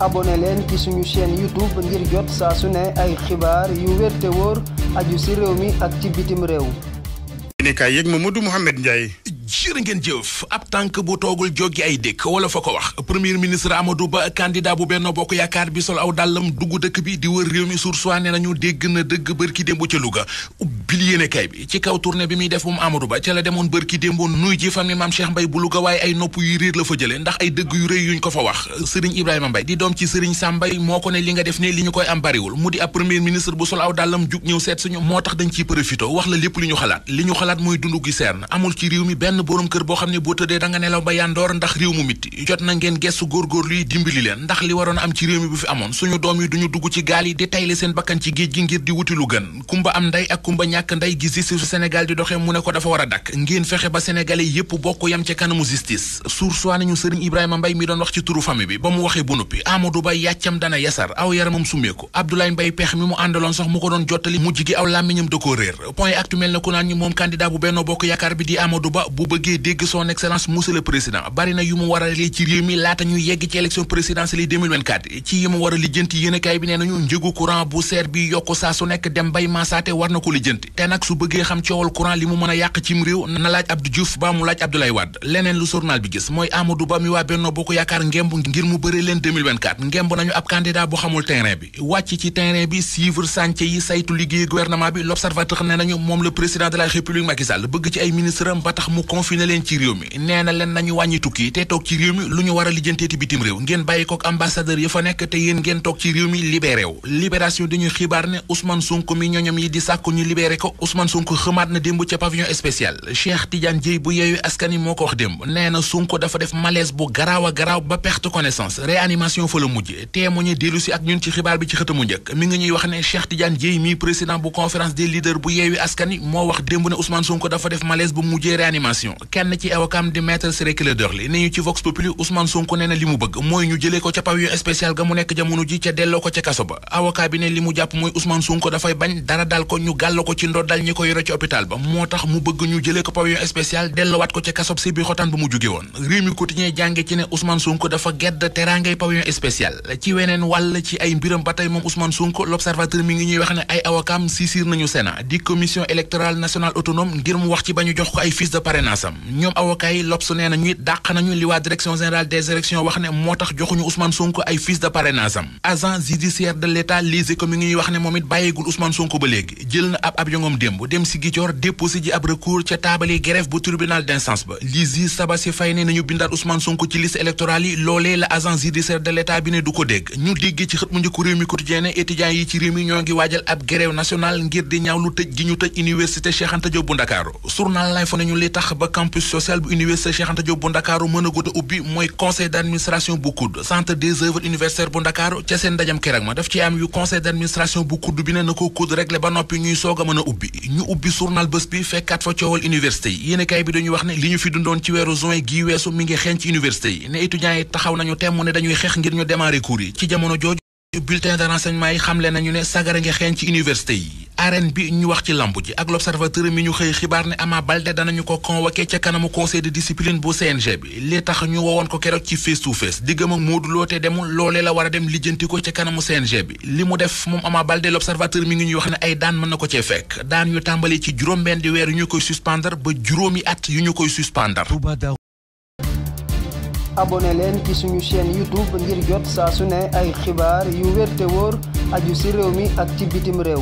abonné leen ci suñu chaîne YouTube ngir jot saa su ne ay xibaar yu wér te wóor aju ci réew mi ak ci bitim réew. yéen kaay yeeg Mamadou Mouhamed jërë ngeen jëf ab tànk bu toogul jógi ay dëkk wala fa ko wax premier ministre Amadou Ba candidat bu benn Bokk Yaakaar bi sol aw dàllam dugg dëkk bi di wër réew mi sursoi ne nañu dégg na dëgg bërki démb ca Louga biliyéene kay bi ci kaw tournée def moom Amadou Ba ca la demoon bërki démboon nuy ji famille Mame Cheikh Mbaye bu Louga waaye ay nopp yu réer la fa jële ndax ay dëgg yu rëy yuñ ko fa wax Serigne Ibrahima Mbaye di doom ci Serigne Sam Mbaye moo ko ne li nga def ne li ñu koy am bariwul mu di ab premier ministre bu sol aw dàllam jug moo tax dañ ciy profito wax la lépp li ñu xalaat li ñu xalaat mooy dund gi na amul ci réew mi benn benn borom kër boo xam ne boo tëddee da nga nelaw ba yandoor ndax réew mu mitti jot na ngeen ko dafa war a dakk ngeen fexe ba sénégalais yépp bokk yam ca kanamu justice sursoi nañu sëriñ Ibrahima Mbay mi doon wax ci turu famille bi ba mu waxee bu nuppi Amadou Ba yàccam dana yasar aw yaramam summeeku Abdoulaye Mbay peex mi mu àndaloon sax mu ko doon jottali mujj gi aw làmmiñam da koo réer point actu mel na ku naan ñu moom candidat bu Benno Bokk Yaakaar bi di Amadou Ba bu bëggee dégg son excellence bari na yu mu war a li ci réew mi laata ñu yegg ci élection présidentielle yi ci yi mu war a lijjanti yéenekaay bi nee nañu njëgu courant bu seer bi yokk saa su nekk dem bay maasaate war na ko lijjanti te nag su bëggee xam coowal courant li mu mën a yàq cim réew na laaj Abdou Diouf ba mu laaj Abdoulaye Wade leneen lu journal bi gis mooy Amadou Ba mi waa Benno Bokk Yaakaar ngemb ngir mu bëre leen ngemb nañu ab candidat bu xamul terrain bi wàcc ci terrain confiné leen ci réew mi nee leen nañu wàññi tukki te toog ci réew mi lu ñu war a lijjanteeti bitim réew ngeen bàyyi kook ambassadeur yi fa nekk te yéen ngeen toog ci réew mi libéré wu libération xibaar ne Ousmane Sonko mi ñoñom yi di sàkku ñu libéré ko Ousmane Sonko xëmaat na démb ca pavillon spécial Cheikh Tidiane Dieye bu yeeyu askan moo ko wax démb nee na dafa def malaise bu garaaw a garaaw ba perte connaissance réanimation fa la mujj témoigné dellu si libération kenn ci awakam di maître Ciré Clédor Ly ni ñu ci vox populi Ousmane Sonko nee na li mu bëgg mooy ñu jëlee ko ca pavillon spécial ga mu nekk jamono ji ca delloo ko ca kaso ba avocat bi ne li mu jàpp mooy Ousmane Sonko dafay bañ dara dal ko ñu gàll ko ci ndor dal ñi ko yore ci hôpital ba moo tax mu bëgg ñu jëlee ko pavillon spécial delloowaat ko ca kaso si bi xotaan ba mu jóge woon réew mi quotidien ci ne Ousmane Sonko dafa gedd teraangay pavillon ba tey moom Ousmane Sonko l'observateur mi ngi wax ne ay awakam sisir nañu Sénat wax ci ba ñu parrainage am ñoom avocat yi L'Obs nee na ñuy dàq nañu li waa direction générale des élections wax ne moo tax joxuñu Ousmane Sonko ay fiches de parrainage agent judiciaire de l'État lise ko mi ngi wax ne moom it bàyyigul Ousmane Sonko ba léegi jël na ab ab yongom démb dem si Ziguinchor ji ab recours ca taabali greffe bu tribunal d'instance ba li ji Sabassi Faye ne nañu bindaat Ousmane Sonko ci liste électorale yi loolee la agent judiciaire de l'État bi ne du ko dégg ñu ba campus social bu université Cheikh Anta Diop bu ndakaaru mën a ubbi mooy conseil d' administration bu COUD centre des œuvres universitaires bu ndakaaru ca seen ndajam keroog ma def ci am yu conseil d' administration bu COUD bi ne na ko COUD réglé ba noppi ñuy soog a mën ubbi ñu ubbi journal bés bi fekkaat fa coowal université yi yéen kay bi dañuy wax ne li ñu fi dundoon ci weeru juin gii weesu mi ngi xeeñ ci université yi ne étudiants yi taxaw nañu temm ne dañuy xeex ngir ñu démarrer cours yi ci jamono jooju bulletin de renseignement yi xamle nañu ne sagara nga xeeñ ci université yi arène bi ñu wax ci lamb ji ak l'observateur mi ñu xëy xibaar ne Ama Baldé danañu ko convoqué ca kanamu conseil de discipline bu CNG bi li tax ñu wowoon ko keroog ci face to face diggam ak Modou Lo te demul loolee la war a dem lijjanti ko ca kanamu CNG bi li mu def moom Ama Baldé l'observateur mi ngi ñuy wax ne ay daan mën na ko cee fekk daan yu tàmbali ci juróom benn di weer yu ñu koy suspendre ba juróomi at yu ñu koy suspendre. abonné leen ci suñu chaîne YouTube ngir jot su ne ay réew.